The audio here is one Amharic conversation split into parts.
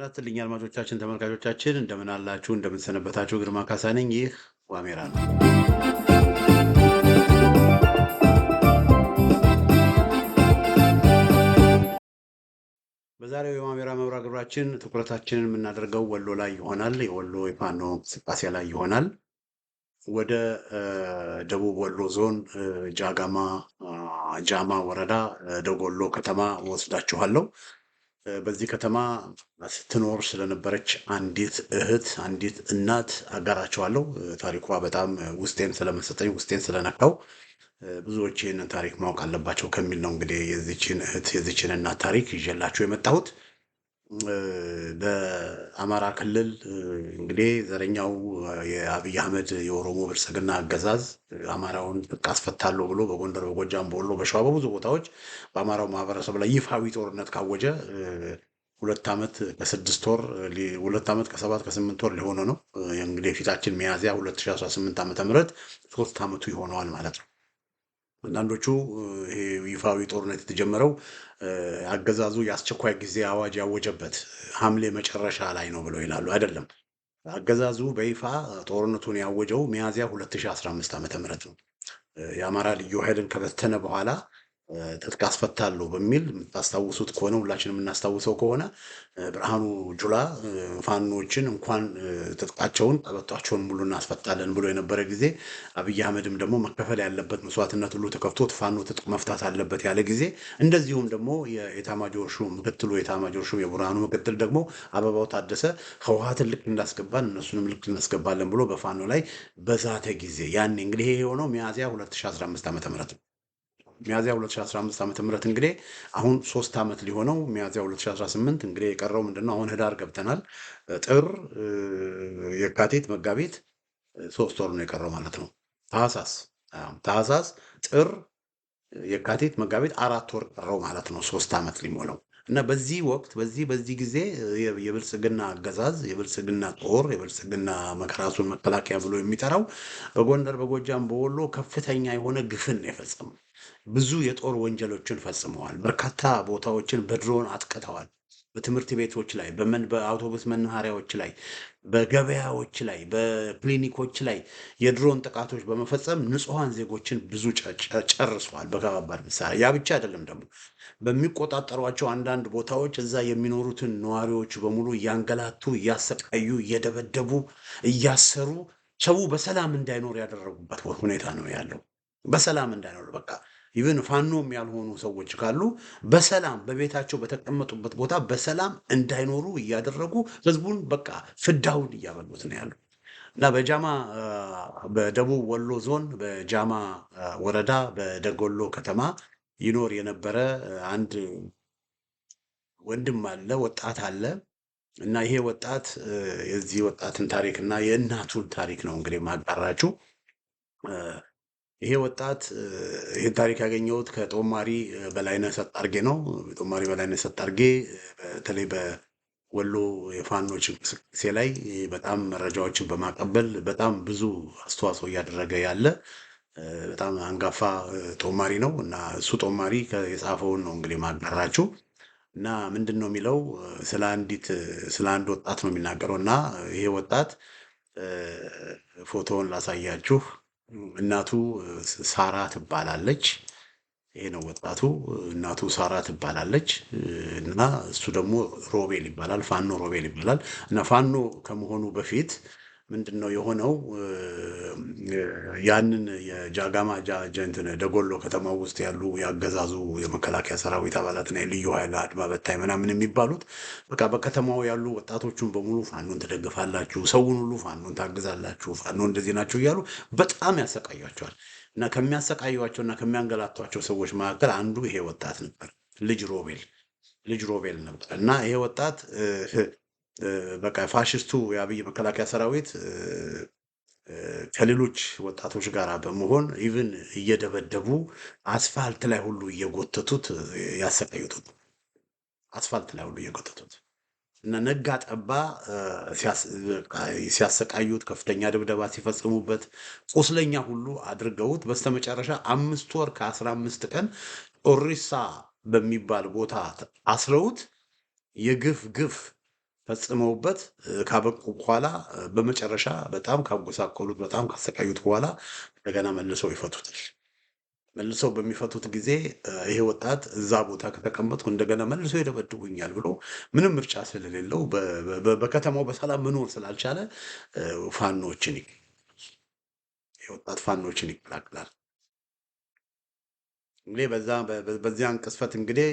ጥናትልኛ አድማጮቻችን፣ ተመልካቾቻችን እንደምን አላችሁ? እንደምንሰነበታችሁ። ግርማ ካሳ ነኝ። ይህ ዋሜራ ነው። በዛሬው የዋሜራ መብራ ግብራችን ትኩረታችንን የምናደርገው ወሎ ላይ ይሆናል። የወሎ የፋኖ እንቅስቃሴ ላይ ይሆናል። ወደ ደቡብ ወሎ ዞን ጃጋማ ጃማ ወረዳ ደጎሎ ከተማ ወስዳችኋለሁ። በዚህ ከተማ ስትኖር ስለነበረች አንዲት እህት አንዲት እናት አጋራቸዋለሁ። ታሪኳ በጣም ውስጤን ስለመሰጠኝ ውስጤን ስለነካው ብዙዎች ይህንን ታሪክ ማወቅ አለባቸው ከሚል ነው እንግዲህ የዚችን እህት የዚችን እናት ታሪክ ይዤላችሁ የመጣሁት። በአማራ ክልል እንግዲህ ዘረኛው የአብይ አህመድ የኦሮሞ ብልጽግና አገዛዝ አማራውን ጥቅ አስፈታለሁ ብሎ በጎንደር፣ በጎጃም፣ በወሎ፣ በሸዋ በብዙ ቦታዎች በአማራው ማህበረሰብ ላይ ይፋዊ ጦርነት ካወጀ ሁለት ዓመት ከስድስት ወር ሁለት ዓመት ከሰባት ከስምንት ወር ሊሆነ ነው። እንግዲህ ፊታችን ሚያዝያ 2018 ዓ ም ሶስት ዓመቱ ይሆነዋል ማለት ነው። አንዳንዶቹ ይሄ ይፋዊ ጦርነት የተጀመረው አገዛዙ የአስቸኳይ ጊዜ አዋጅ ያወጀበት ሐምሌ መጨረሻ ላይ ነው ብለው ይላሉ። አይደለም፣ አገዛዙ በይፋ ጦርነቱን ያወጀው ሚያዝያ 2015 ዓ ም ነው። የአማራ ልዩ ኃይልን ከበተነ በኋላ ትጥቅ አስፈታለሁ በሚል የምታስታውሱት ከሆነ ሁላችን የምናስታውሰው ከሆነ ብርሃኑ ጁላ ፋኖችን እንኳን ትጥቃቸውን ቀበቷቸውን ሙሉ እናስፈታለን ብሎ የነበረ ጊዜ አብይ አህመድም ደግሞ መከፈል ያለበት መስዋዕትነት ሁሉ ተከፍቶት ፋኖ ትጥቅ መፍታት አለበት ያለ ጊዜ፣ እንደዚሁም ደግሞ የኤታማጆር ሹም ምክትሉ የኤታማጆር ሹም የብርሃኑ ምክትል ደግሞ አበባው ታደሰ ህወሓትን ልክ እንዳስገባን እነሱንም ልክ እናስገባለን ብሎ በፋኖ ላይ በዛተ ጊዜ ያኔ እንግዲህ ይሄ የሆነው ሚያዝያ 2015 ዓ ም ነው። ሚያዚያ 2015 ዓ ም እንግዲህ አሁን ሶስት ዓመት ሊሆነው ሚያዚያ 2018 እንግዲህ የቀረው ምንድነው? አሁን ህዳር ገብተናል። ጥር፣ የካቲት፣ መጋቢት ሶስት ወር ነው የቀረው ማለት ነው። ታህሳስ ታህሳስ፣ ጥር፣ የካቲት፣ መጋቢት አራት ወር ቀረው ማለት ነው። ሶስት ዓመት ሊሞላው እና በዚህ ወቅት በዚህ በዚህ ጊዜ የብልጽግና አገዛዝ የብልጽግና ጦር የብልጽግና መከራሱን መከላከያ ብሎ የሚጠራው በጎንደር በጎጃም በወሎ ከፍተኛ የሆነ ግፍን የፈጸሙ ብዙ የጦር ወንጀሎችን ፈጽመዋል። በርካታ ቦታዎችን በድሮን አጥቅተዋል። በትምህርት ቤቶች ላይ በአውቶቡስ መናኸሪያዎች ላይ በገበያዎች ላይ በክሊኒኮች ላይ የድሮን ጥቃቶች በመፈጸም ንጹሐን ዜጎችን ብዙ ጨርሰዋል በከባባድ መሳሪያ። ያ ብቻ አይደለም ደግሞ በሚቆጣጠሯቸው አንዳንድ ቦታዎች እዛ የሚኖሩትን ነዋሪዎች በሙሉ እያንገላቱ፣ እያሰቃዩ፣ እየደበደቡ፣ እያሰሩ ሰው በሰላም እንዳይኖር ያደረጉበት ሁኔታ ነው ያለው። በሰላም እንዳይኖር በቃ ኢቨን ፋኖም ያልሆኑ ሰዎች ካሉ በሰላም በቤታቸው በተቀመጡበት ቦታ በሰላም እንዳይኖሩ እያደረጉ ህዝቡን በቃ ፍዳውን እያበሉት ነው ያሉ እና በጃማ በደቡብ ወሎ ዞን በጃማ ወረዳ በደጎሎ ከተማ ይኖር የነበረ አንድ ወንድም አለ፣ ወጣት አለ እና ይሄ ወጣት የዚህ ወጣትን ታሪክ እና የእናቱን ታሪክ ነው እንግዲህ ማጋራችሁ። ይሄ ወጣት ይህን ታሪክ ያገኘሁት ከጦማሪ በላይነህ ሰጣርጌ ነው። ጦማሪ በላይነህ ሰጣርጌ በተለይ በወሎ የፋኖች እንቅስቃሴ ላይ በጣም መረጃዎችን በማቀበል በጣም ብዙ አስተዋጽኦ እያደረገ ያለ በጣም አንጋፋ ጦማሪ ነው እና እሱ ጦማሪ የጻፈውን ነው እንግዲህ ማጋራችሁ እና ምንድን ነው የሚለው ስለ አንዲት ስለ አንድ ወጣት ነው የሚናገረው እና ይሄ ወጣት ፎቶውን ላሳያችሁ እናቱ ሳራ ትባላለች። ይሄ ነው ወጣቱ። እናቱ ሳራ ትባላለች እና እሱ ደግሞ ሮቤል ይባላል። ፋኖ ሮቤል ይባላል እና ፋኖ ከመሆኑ በፊት ምንድን ነው የሆነው? ያንን የጃጋማ ጃጀንትን ደጎሎ ከተማ ውስጥ ያሉ ያገዛዙ የመከላከያ ሰራዊት አባላትና የልዩ ኃይል አድማ በታይ ምናምን የሚባሉት በቃ በከተማው ያሉ ወጣቶቹን በሙሉ ፋኖን ትደግፋላችሁ፣ ሰውን ሁሉ ፋኖን ታግዛላችሁ፣ ፋኖ እንደዚህ ናቸው እያሉ በጣም ያሰቃያቸዋል። እና ከሚያሰቃዩቸው እና ከሚያንገላቷቸው ሰዎች መካከል አንዱ ይሄ ወጣት ነበር፣ ልጅ ሮቤል ልጅ ሮቤል ነበር እና ይሄ ወጣት በቃ ፋሽስቱ የአብይ መከላከያ ሰራዊት ከሌሎች ወጣቶች ጋር በመሆን ኢቭን እየደበደቡ አስፋልት ላይ ሁሉ እየጎተቱት ያሰቃዩቱት አስፋልት ላይ ሁሉ እየጎተቱት እና ነጋ ጠባ ሲያሰቃዩት ከፍተኛ ድብደባ ሲፈጽሙበት ቁስለኛ ሁሉ አድርገውት በስተመጨረሻ አምስት ወር ከአስራ አምስት ቀን ኦሪሳ በሚባል ቦታ አስረውት የግፍ ግፍ ፈጽመውበት ካበቁ በኋላ በመጨረሻ በጣም ካጎሳቆሉት በጣም ካሰቃዩት በኋላ እንደገና መልሰው ይፈቱታል። መልሰው በሚፈቱት ጊዜ ይሄ ወጣት እዛ ቦታ ከተቀመጥኩ እንደገና መልሶ ይደበድቡኛል ብሎ ምንም ምርጫ ስለሌለው በከተማው በሰላም መኖር ስላልቻለ ፋኖችን ወጣት ፋኖችን ይቀላቅላል። እንግዲህ በዚያን ቅስፈት እንግዲህ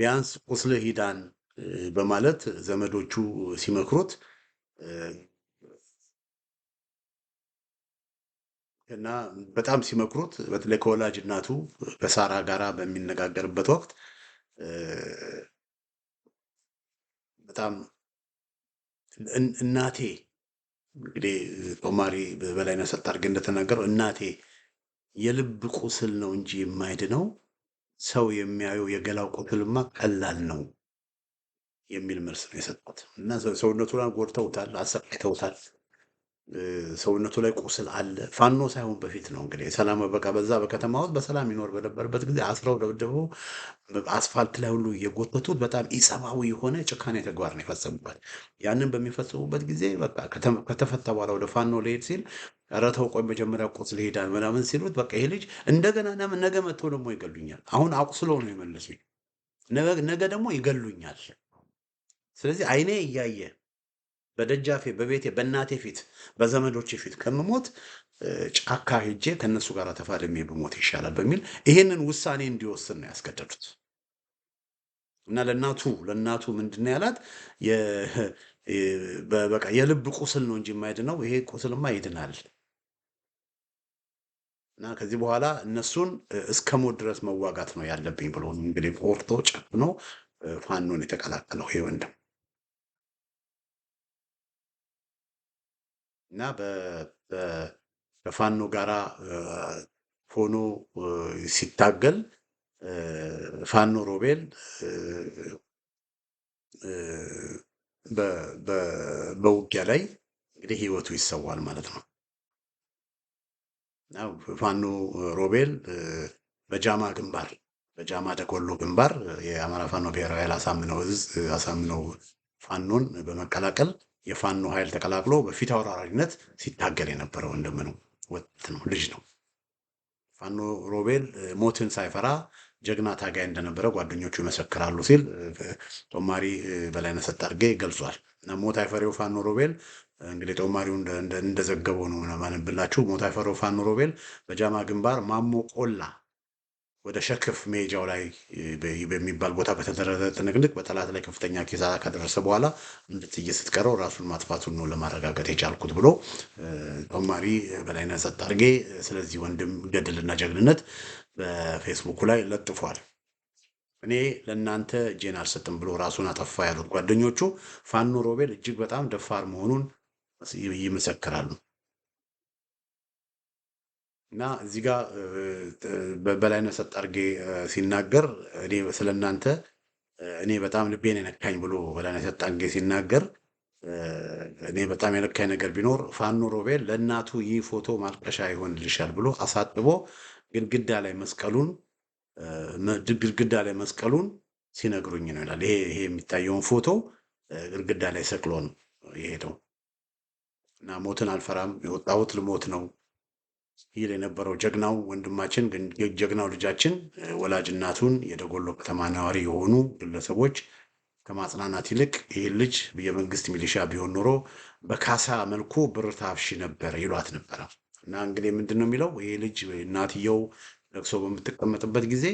ቢያንስ ቁስልህ ይዳን በማለት ዘመዶቹ ሲመክሩት እና በጣም ሲመክሩት በተለይ ከወላጅ እናቱ ከሳራ ጋራ በሚነጋገርበት ወቅት በጣም እናቴ እንግዲህ ጦማሪ በላይነህ ሰጣርጌ እንደተናገረው እናቴ የልብ ቁስል ነው እንጂ ነው። ሰው የሚያየው የገላው ቁስልማ ቀላል ነው የሚል መልስ ነው የሰጡት እና ሰውነቱ ላይ ጎድተውታል፣ አሰቃይተውታል። ሰውነቱ ላይ ቁስል አለ። ፋኖ ሳይሆን በፊት ነው እንግዲህ ሰላም በቃ በዛ በከተማ ውስጥ በሰላም ይኖር በነበረበት ጊዜ አስረው ደብድበው አስፋልት ላይ ሁሉ እየጎተቱት በጣም ኢሰብአዊ የሆነ ጭካኔ ተግባር ነው የፈጸሙበት። ያንን በሚፈጽሙበት ጊዜ በቃ ከተፈታ በኋላ ወደ ፋኖ ሊሄድ ሲል ረተው ቆይ መጀመሪያ ቁስል ይሄዳል ምናምን ሲሉት በቃ ይሄ ልጅ እንደገና ነገ መጥተው ደግሞ ይገሉኛል፣ አሁን አቁስለው ነው የመለሱኝ፣ ነገ ደግሞ ይገሉኛል ስለዚህ አይኔ እያየ በደጃፌ በቤቴ በእናቴ ፊት በዘመዶቼ ፊት ከምሞት ጫካ ሄጄ ከነሱ ጋር ተፋልሜ ብሞት ይሻላል በሚል ይህንን ውሳኔ እንዲወስን ነው ያስገደዱት። እና ለእናቱ ለእናቱ ምንድን ያላት በቃ የልብ ቁስል ነው እንጂ የማይድነው ይሄ ቁስልማ ይድናል። እና ከዚህ በኋላ እነሱን እስከ ሞት ድረስ መዋጋት ነው ያለብኝ ብሎ እንግዲህ ቆርጦ ጨፍኖ ፋኖን የተቀላቀለው ይህ ወንድም እና ከፋኖ ጋራ ሆኖ ሲታገል ፋኖ ሮቤል በውጊያ ላይ እንግዲህ ህይወቱ ይሰዋል ማለት ነው። ፋኖ ሮቤል በጃማ ግንባር በጃማ ደቆሎ ግንባር የአማራ ፋኖ ብሔራዊ ኃይል አሳምነው እዝ አሳምነው ፋኖን በመቀላቀል የፋኖ ኃይል ተቀላቅሎ በፊት አውራሪነት ሲታገል የነበረ ወንድም ነው፣ ወጣት ነው፣ ልጅ ነው። ፋኖ ሮቤል ሞትን ሳይፈራ ጀግና ታጋይ እንደነበረ ጓደኞቹ ይመሰክራሉ ሲል ጦማሪ በላይነህ ሰጣርጌ ገልጿል። ሞት አይፈሬው ፋኖ ሮቤል እንግዲህ ጦማሪው እንደዘገበው ነው ማንብላችሁ። ሞት አይፈሬው ፋኖ ሮቤል በጃማ ግንባር ማሞ ቆላ ወደ ሸክፍ ሜጃው ላይ በሚባል ቦታ በተደረገ ትንቅንቅ በጠላት ላይ ከፍተኛ ኪሳራ ከደረሰ በኋላ እንድትይ ስትቀረው ራሱን ማጥፋቱን ነው ለማረጋገጥ የቻልኩት ብሎ ተማሪ በላይነህ ጸጥ ስለዚህ ወንድም ገድልና ጀግንነት በፌስቡኩ ላይ ለጥፏል። እኔ ለእናንተ እጄን አልሰጥም ብሎ ራሱን አጠፋ ያሉት ጓደኞቹ ፋኖ ሮቤል እጅግ በጣም ደፋር መሆኑን ይመሰክራሉ። እና እዚህ ጋር በላይነህ ሰጣርጌ ሲናገር እኔ ስለ እናንተ እኔ በጣም ልቤን የነካኝ ብሎ በላይነህ ሰጣርጌ ሲናገር እኔ በጣም የነካኝ ነገር ቢኖር ፋኖ ሮቤል ለእናቱ ይህ ፎቶ ማልቀሻ ይሆንልሻል ብሎ አሳጥቦ ግድግዳ ላይ መስቀሉን ግድግዳ ላይ መስቀሉን ሲነግሩኝ ነው ይላል። ይሄ የሚታየውን ፎቶ ግድግዳ ላይ ሰቅሎ ነው የሄደው እና ሞትን አልፈራም የወጣሁት ልሞት ነው ይል የነበረው ጀግናው ወንድማችን ጀግናው ልጃችን ወላጅ እናቱን የደጎሎ ከተማ ነዋሪ የሆኑ ግለሰቦች ከማጽናናት ይልቅ ይህ ልጅ የመንግስት ሚሊሻ ቢሆን ኖሮ በካሳ መልኩ ብር ታፍሺ ነበረ ይሏት ነበረ። እና እንግዲህ ምንድን ነው የሚለው ይህ ልጅ እናትየው ለቅሶ በምትቀመጥበት ጊዜ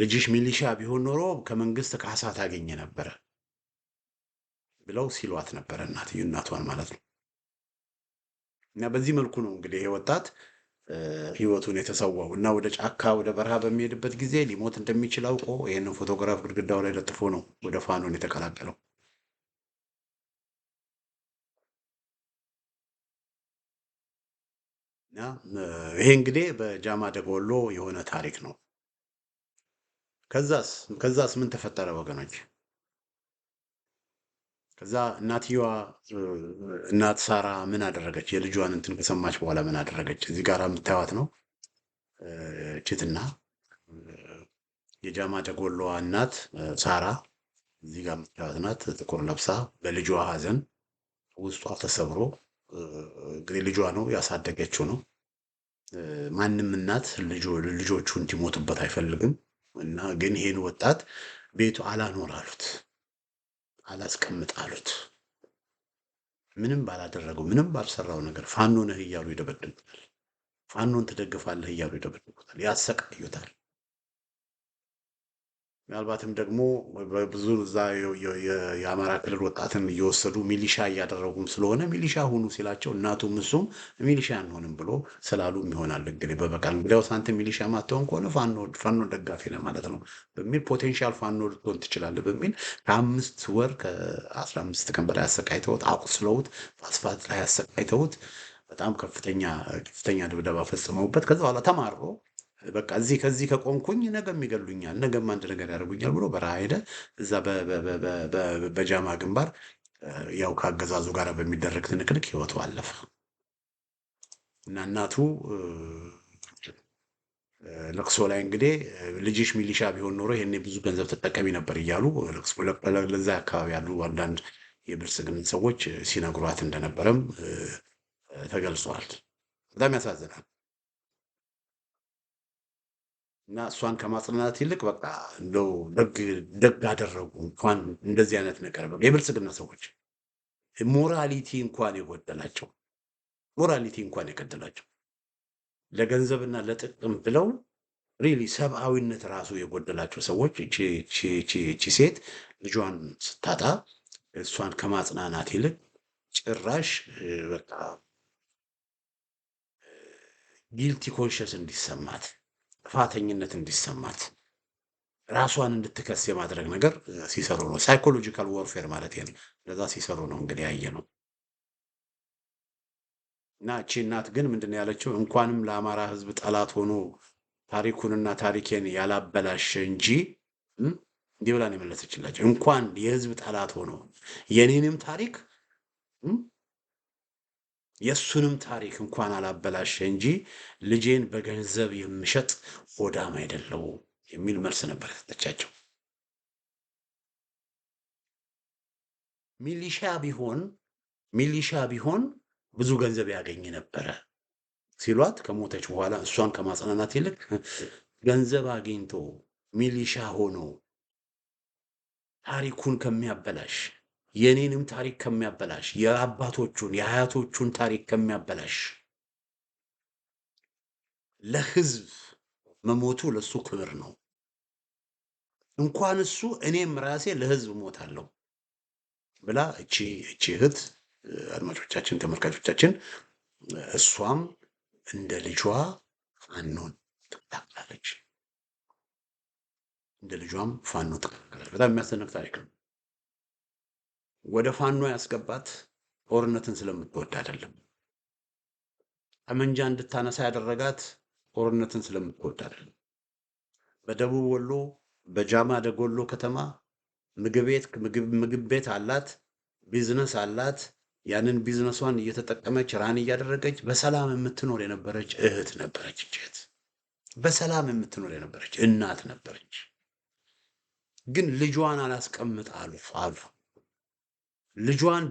ልጅሽ ሚሊሻ ቢሆን ኖሮ ከመንግስት ካሳ ታገኘ ነበረ ብለው ሲሏት ነበረ እናትዩ እናቷን ማለት ነው። እና በዚህ መልኩ ነው እንግዲህ ይህ ወጣት ህይወቱን የተሰዋው እና ወደ ጫካ ወደ በረሃ በሚሄድበት ጊዜ ሊሞት እንደሚችል አውቆ ይህንን ፎቶግራፍ ግድግዳው ላይ ለጥፎ ነው ወደ ፋኖን የተቀላቀለው። ይሄ እንግዲህ በጃማ ደጎሎ የሆነ ታሪክ ነው። ከዛስ ከዛስ ምን ተፈጠረ ወገኖች? ከዛ እናትየዋ እናት ሳራ ምን አደረገች? የልጇን እንትን ከሰማች በኋላ ምን አደረገች? እዚህ ጋር የምታዩት ነው ችትና የጃማ ጀጎሎዋ እናት ሳራ እዚህ ጋር የምታዩት ናት። ጥቁር ለብሳ በልጇ ሀዘን ውስጧ ተሰብሮ እንግዲህ ልጇ ነው ያሳደገችው ነው። ማንም እናት ልጆቹ እንዲሞቱበት አይፈልግም እና ግን ይሄን ወጣት ቤቱ አላኖር አሉት። አላስቀምጥ አሉት። ምንም ባላደረገው ምንም ባልሰራው ነገር ፋኖ ነህ እያሉ ይደበድቡታል። ፋኖን ትደግፋለህ እያሉ ይደበድቡታል፣ ያሰቃዩታል። ምናልባትም ደግሞ ብዙ እዛ የአማራ ክልል ወጣትን እየወሰዱ ሚሊሻ እያደረጉም ስለሆነ ሚሊሻ ሁኑ ሲላቸው እናቱም እሱም ሚሊሻ አንሆንም ብሎ ስላሉ ይሆናል እንግዲህ በበቃል እንግዲያው አንተ ሚሊሻ ማትሆን ከሆነ ፋኖ ደጋፊ ነህ ማለት ነው በሚል ፖቴንሻል ፋኖ ልትሆን ትችላለህ በሚል ከአምስት ወር ከአስራ አምስት ቀን በላይ አሰቃይተውት አቁስለውት ፋስፋት ላይ አሰቃይተውት በጣም ከፍተኛ ከፍተኛ ድብደባ ፈጽመውበት ከዛ በኋላ ተማሮ በቃ እዚህ ከዚህ ከቆምኩኝ ነገም ይገሉኛል፣ ነገም አንድ ነገር ያደርጉኛል ብሎ በረሃ ሄደ። እዛ በጃማ ግንባር ያው ከአገዛዙ ጋር በሚደረግ ትንቅንቅ ህይወቱ አለፈ እና እናቱ ለቅሶ ላይ እንግዲህ ልጅሽ ሚሊሻ ቢሆን ኖሮ ይሄኔ ብዙ ገንዘብ ተጠቀሚ ነበር እያሉ ለዛ አካባቢ ያሉ አንዳንድ የብልጽግና ሰዎች ሲነግሯት እንደነበረም ተገልጿል። በጣም ያሳዝናል። እና እሷን ከማጽናናት ይልቅ በቃ እንደው ደግ አደረጉ እንኳን እንደዚህ አይነት ነገር የብልጽግና ሰዎች ሞራሊቲ እንኳን የጎደላቸው ሞራሊቲ እንኳን የገደላቸው ለገንዘብና ለጥቅም ብለው ሪሊ ሰብአዊነት ራሱ የጎደላቸው ሰዎች እቺ ሴት ልጇን ስታጣ እሷን ከማጽናናት ይልቅ ጭራሽ በቃ ጊልቲ ኮንሽስ እንዲሰማት ጥፋተኝነት እንዲሰማት ራሷን እንድትከስ የማድረግ ነገር ሲሰሩ ነው። ሳይኮሎጂካል ወርፌር ማለት ነው። እንደዛ ሲሰሩ ነው እንግዲህ ያየ ነው። እና እቺ እናት ግን ምንድን ያለችው? እንኳንም ለአማራ ሕዝብ ጠላት ሆኖ ታሪኩንና ታሪኬን ያላበላሸ እንጂ እንዲህ ብላን የመለሰችላቸው። እንኳን የሕዝብ ጠላት ሆኖ የኔንም ታሪክ የእሱንም ታሪክ እንኳን አላበላሸ እንጂ ልጄን በገንዘብ የምሸጥ ሆዳም አይደለው የሚል መልስ ነበር የሰጠቻቸው። ሚሊሻ ቢሆን ሚሊሻ ቢሆን ብዙ ገንዘብ ያገኝ ነበረ ሲሏት ከሞተች በኋላ እሷን ከማጽናናት ይልቅ ገንዘብ አግኝቶ ሚሊሻ ሆኖ ታሪኩን ከሚያበላሽ የኔንም ታሪክ ከሚያበላሽ የአባቶቹን የአያቶቹን ታሪክ ከሚያበላሽ ለህዝብ መሞቱ ለሱ ክብር ነው። እንኳን እሱ እኔም ራሴ ለህዝብ አለው ብላ እቺ እቺ እህት አድማጮቻችን፣ ተመልካቾቻችን እሷም እንደ ልጇ ፋኖን ትታገላለች። እንደ ልጇም ፋኖ ትታገላለች። በጣም የሚያስደንቅ ታሪክ ነው። ወደ ፋኖ ያስገባት ጦርነትን ስለምትወድ አይደለም። ጠመንጃ እንድታነሳ ያደረጋት ጦርነትን ስለምትወድ አይደለም። በደቡብ ወሎ በጃማ ደጎሎ ከተማ ምግብ ቤት አላት፣ ቢዝነስ አላት። ያንን ቢዝነሷን እየተጠቀመች ራን እያደረገች በሰላም የምትኖር የነበረች እህት ነበረች። እህት በሰላም የምትኖር የነበረች እናት ነበረች። ግን ልጇን አላስቀምጥ አሉ አሉ ልጇን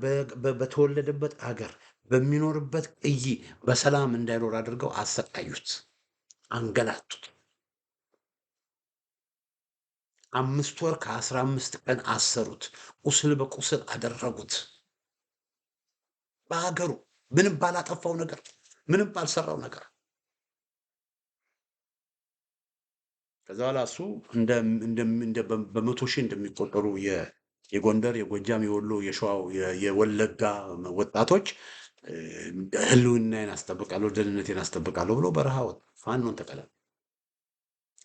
በተወለደበት አገር በሚኖርበት ቅይ በሰላም እንዳይኖር አድርገው አሰቃዩት፣ አንገላቱት። አምስት ወር ከአስራ አምስት ቀን አሰሩት። ቁስል በቁስል አደረጉት። በሀገሩ ምንም ባላጠፋው ነገር ምንም ባልሰራው ነገር ከዛ በኋላ እሱ በመቶ ሺህ እንደሚቆጠሩ የጎንደር፣ የጎጃም፣ የወሎ፣ የሸዋው፣ የወለጋ ወጣቶች ህልውናዬን አስጠብቃለሁ፣ ደህንነቴን አስጠብቃለሁ ብሎ በረሃ ወጣ። ፋኖን ተቀላቅሎ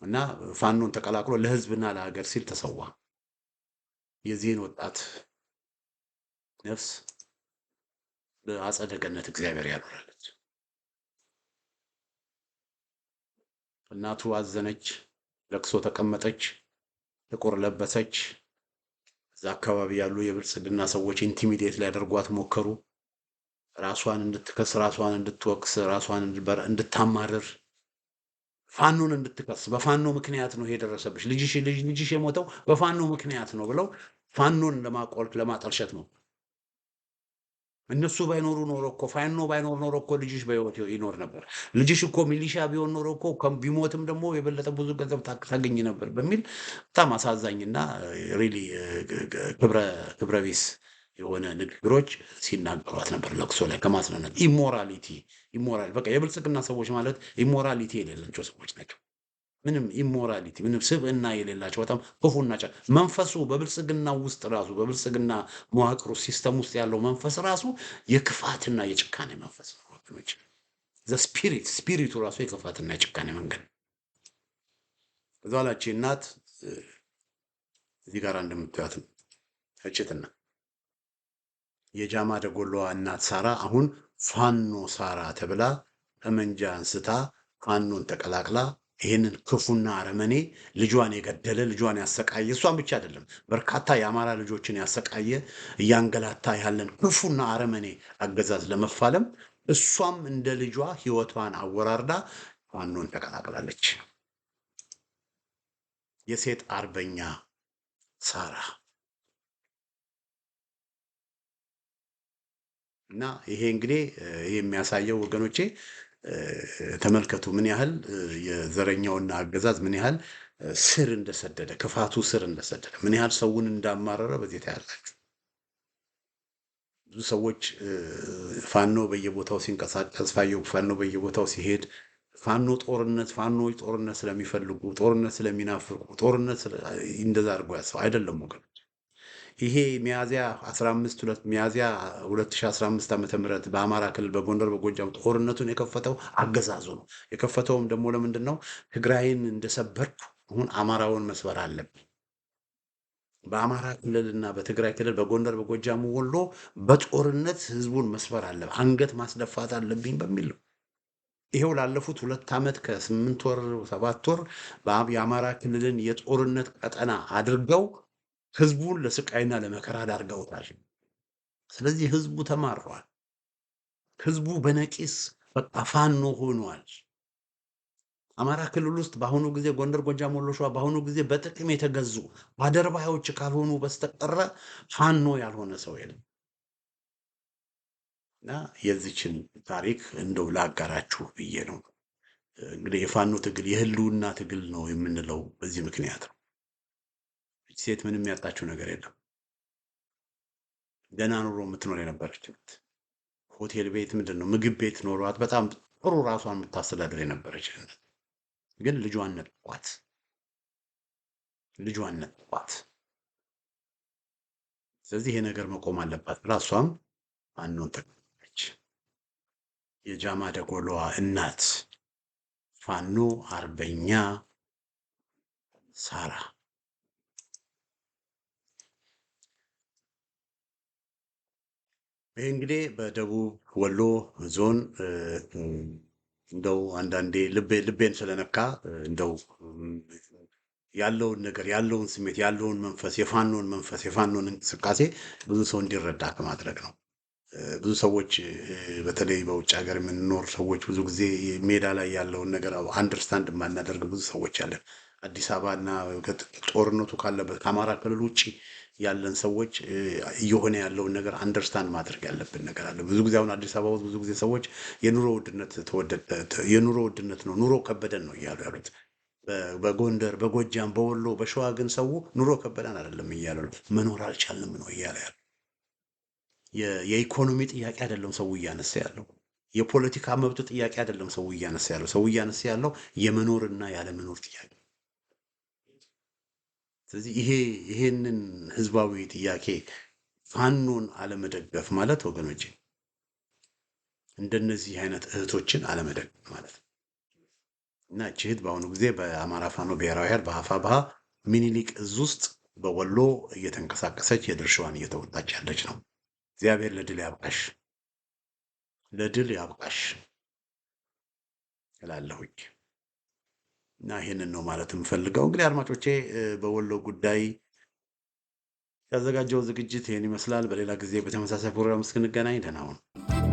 እና ፋኖን ተቀላቅሎ ለህዝብና ለሀገር ሲል ተሰዋ። የዚህን ወጣት ነፍስ በአጸደ ገነት እግዚአብሔር ያኖራለች። እናቱ አዘነች፣ ለቅሶ ተቀመጠች፣ ጥቁር ለበሰች። አካባቢ ያሉ የብልጽግና ሰዎች ኢንቲሚዴት ሊያደርጓት ሞከሩ። ራሷን እንድትከስ፣ ራሷን እንድትወቅስ፣ ራሷን እንድታማርር፣ ፋኖን እንድትከስ በፋኖ ምክንያት ነው ይሄ ልጅሽ የሞተው በፋኖ ምክንያት ነው ብለው ፋኖን ለማቆልክ ለማጠልሸት ነው። እነሱ ባይኖሩ ኖሮ እኮ ፋኖ ባይኖር ኖሮ እኮ ልጅሽ በህይወት ይኖር ነበር። ልጅሽ እኮ ሚሊሻ ቢሆን ኖሮ እኮ ቢሞትም ደግሞ የበለጠ ብዙ ገንዘብ ታገኝ ነበር በሚል በጣም አሳዛኝና ሪሊ ክብረ ቢስ የሆነ ንግግሮች ሲናገሯት ነበር። ለቅሶ ላይ ከማስነነት ኢሞራሊቲ ኢሞራል በቃ የብልጽግና ሰዎች ማለት ኢሞራሊቲ የሌላቸው ሰዎች ናቸው። ምንም ኢሞራሊቲ ምንም ስብዕና የሌላቸው በጣም ክፉናቸው መንፈሱ በብልጽግና ውስጥ ራሱ በብልጽግና መዋቅሩ ሲስተም ውስጥ ያለው መንፈስ ራሱ የክፋትና የጭካኔ መንፈስ ነው። ስፒሪት ስፒሪቱ ራሱ የክፋትና የጭካኔ መንገድ ነው። እናት እዚህ ጋር እንደምታዩት እችትና የጃማ ደጎሎዋ እናት ሳራ አሁን ፋኖ ሳራ ተብላ ጠመንጃ አንስታ ፋኖን ተቀላቅላ ይህንን ክፉና አረመኔ ልጇን የገደለ ልጇን ያሰቃየ እሷን ብቻ አይደለም በርካታ የአማራ ልጆችን ያሰቃየ እያንገላታ ያለን ክፉና አረመኔ አገዛዝ ለመፋለም እሷም እንደ ልጇ ህይወቷን አወራርዳ ፋኖን ተቀላቅላለች። የሴት አርበኛ ሳራ እና ይሄ እንግዲህ ይሄ የሚያሳየው ወገኖቼ ተመልከቱ ምን ያህል የዘረኛውና አገዛዝ ምን ያህል ስር እንደሰደደ ክፋቱ ስር እንደሰደደ ምን ያህል ሰውን እንዳማረረ በዚህ ታያላችሁ። ብዙ ሰዎች ፋኖ በየቦታው ሲንቀሳቀስ ፋኖ በየቦታው ሲሄድ ፋኖ ጦርነት ፋኖች ጦርነት ስለሚፈልጉ ጦርነት ስለሚናፍቁ ጦርነት እንደዛ አድርጎ ያሰው አይደለም ወገን ይሄ ሚያዚያ 15 ሚያዚያ 2015 ዓ ም በአማራ ክልል በጎንደር በጎጃም ጦርነቱን የከፈተው አገዛዙ ነው። የከፈተውም ደግሞ ለምንድን ነው? ትግራይን እንደሰበርኩ አሁን አማራውን መስበር አለብኝ በአማራ ክልልና በትግራይ ክልል በጎንደር በጎጃም ወሎ በጦርነት ህዝቡን መስበር አለብ አንገት ማስደፋት አለብኝ በሚል ነው። ይሄው ላለፉት ሁለት ዓመት ከስምንት ወር ሰባት ወር የአማራ ክልልን የጦርነት ቀጠና አድርገው ህዝቡን ለስቃይና ለመከራ ዳርገውታል። ስለዚህ ህዝቡ ተማሯል። ህዝቡ በነቂስ በቃ ፋኖ ሆኗል። አማራ ክልል ውስጥ በአሁኑ ጊዜ ጎንደር፣ ጎጃም፣ ወሎ፣ ሸዋ በአሁኑ ጊዜ በጥቅም የተገዙ አደርባዮች ካልሆኑ በስተቀረ ፋኖ ያልሆነ ሰው የለም እና የዚችን ታሪክ እንደው ላጋራችሁ ብዬ ነው። እንግዲህ የፋኖ ትግል የህልውና ትግል ነው የምንለው በዚህ ምክንያት ነው። ሴት ምንም ያጣችው ነገር የለም። ደህና ኑሮ የምትኖር የነበረች ሆቴል ቤት ምንድን ነው ምግብ ቤት ኖሯት በጣም ጥሩ ራሷን የምታስተዳድር የነበረች ግን ልጇን ነጥቋት ልጇን ነጥቋት። ስለዚህ ይሄ ነገር መቆም አለባት። ራሷም አኖን ተቀች የጃማ ደጎሎዋ እናት ፋኖ አርበኛ ሳራ ይህ እንግዲህ በደቡብ ወሎ ዞን እንደው አንዳንዴ ልቤን ስለነካ እንደው ያለውን ነገር ያለውን ስሜት ያለውን መንፈስ የፋኖን መንፈስ የፋኖን እንቅስቃሴ ብዙ ሰው እንዲረዳ ከማድረግ ነው። ብዙ ሰዎች በተለይ በውጭ ሀገር የምንኖር ሰዎች ብዙ ጊዜ ሜዳ ላይ ያለውን ነገር አንደርስታንድ የማናደርግ ብዙ ሰዎች አለን። አዲስ አበባና ጦርነቱ ካለበት ከአማራ ክልል ውጭ ያለን ሰዎች እየሆነ ያለውን ነገር አንደርስታንድ ማድረግ ያለብን ነገር አለ። ብዙ ጊዜ አሁን አዲስ አበባ ውስጥ ብዙ ጊዜ ሰዎች የኑሮ ውድነት የኑሮ ውድነት ነው ኑሮ ከበደን ነው እያሉ ያሉት። በጎንደር በጎጃም በወሎ በሸዋ ግን ሰው ኑሮ ከበደን አይደለም እያሉ መኖር አልቻልንም ነው እያለ ያሉ። የኢኮኖሚ ጥያቄ አይደለም ሰው እያነሳ ያለው የፖለቲካ መብት ጥያቄ አይደለም ሰው እያነሳ ያለው ሰው እያነሳ ያለው የመኖርና ያለመኖር ጥያቄ ስለዚህ ይሄ ይሄንን ህዝባዊ ጥያቄ ፋኖን አለመደገፍ ማለት ወገኖች እንደነዚህ አይነት እህቶችን አለመደገፍ ማለት ነው እና ችህት እህት በአሁኑ ጊዜ በአማራ ፋኖ ብሔራዊ ኃይል በአፋብኃ ሚኒሊክ እዝ ውስጥ በወሎ እየተንቀሳቀሰች የድርሻዋን እየተወጣች ያለች ነው። እግዚአብሔር ለድል ያብቃሽ፣ ለድል ያብቃሽ እላለሁኝ። እና ይህንን ነው ማለት የምፈልገው። እንግዲህ አድማጮቼ በወሎ ጉዳይ ያዘጋጀው ዝግጅት ይህን ይመስላል። በሌላ ጊዜ በተመሳሳይ ፕሮግራም እስክንገናኝ ደህና ሁኑ።